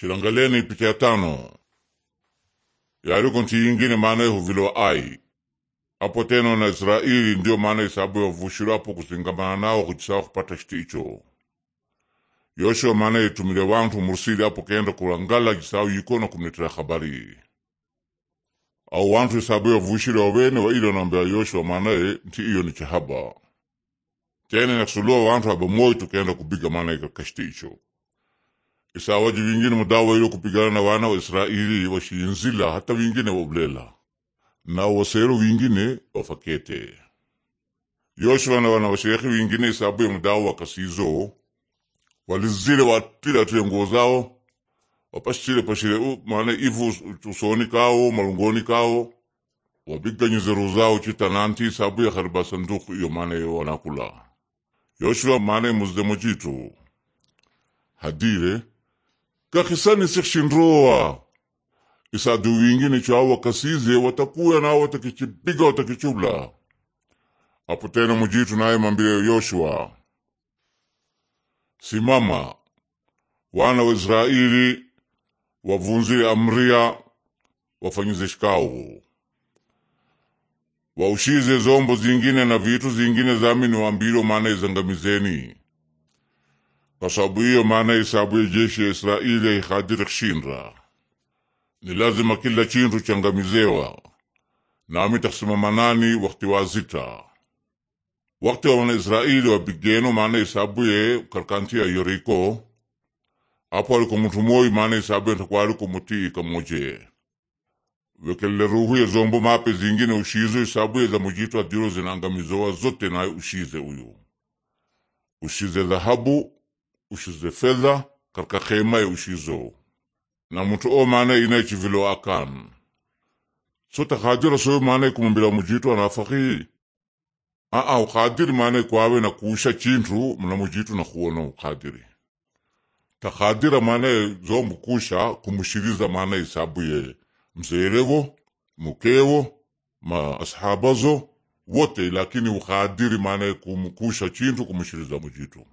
chilangaleni pike ya tano yaliko nchi yingine maana ihuviliwa ai apo teno na Israeli ndio maana isabu yavushirwa apo kusingamana nao kujisawa kupata shiti icho Yoshua maana itumile wantu mursili apo kenda kulangala jisawu yiko na kumletera habari au wantu isabu yavushirwa wawene waili nambea Yoshua maanaye nti iyo ni chahaba tena nakusulua wantu habamoyi tukenda kubiga maana ikakashiti icho isawaji wingine mudawailo kupigana na wana wa Israeli washiinzila hata wingine waulela na wasero wingine wafakete Yoshua na wana washekhi wingine isabu ya mudawa wakasizo walizile watila tule nguo zao wapashile pashile maana ivu usoni kao malungoni kao nyizeru zao chitananti isabu ya khariba sanduku iyo maana yo wanakula Yoshua maana muzdemojitu hadire kakisani sekshinroa isadu wingine chao wakasize watakuya nao watakichipiga watakichubla apo tena mujitu naye mambile Yoshua simama wana wa Israeli wavunzile amria wafanyize shikau waushize zombo zingine na vitu zingine zami wambilo maana izangamizeni kwa sababu hiyo maana hesabu ya jeshi ya Israeli haikadiri kushinda. Ni lazima kila chintu changamizewa, nami tasimama nani wakati wa zita. Wakati wa wanaisraeli wabigeno maana hesabu ye karkanti ya Yeriko, apo aliko moyi maana hesabu yatakuwa aliko muti kamoje Wekelle ruhu ya zombo mape zingine ushizo hesabu ye za mujitwa diro zinangamizowa zote naye ushize uyu. Ushize dhahabu ushize fedha katika ya ushizo na mtu o maana inaichi chivilo akan so takadira soyo maana kumumbila mujitu anafaki aa ukadiri maana kwawe na kuusha chintu mna mujitu na kuona ukadiri takadira maana zombu kusha kumushiriza maana isabu ye mzerewo mukewo ma ashabazo wote lakini ukadiri maana kumkusha chintu kumushiriza mujitu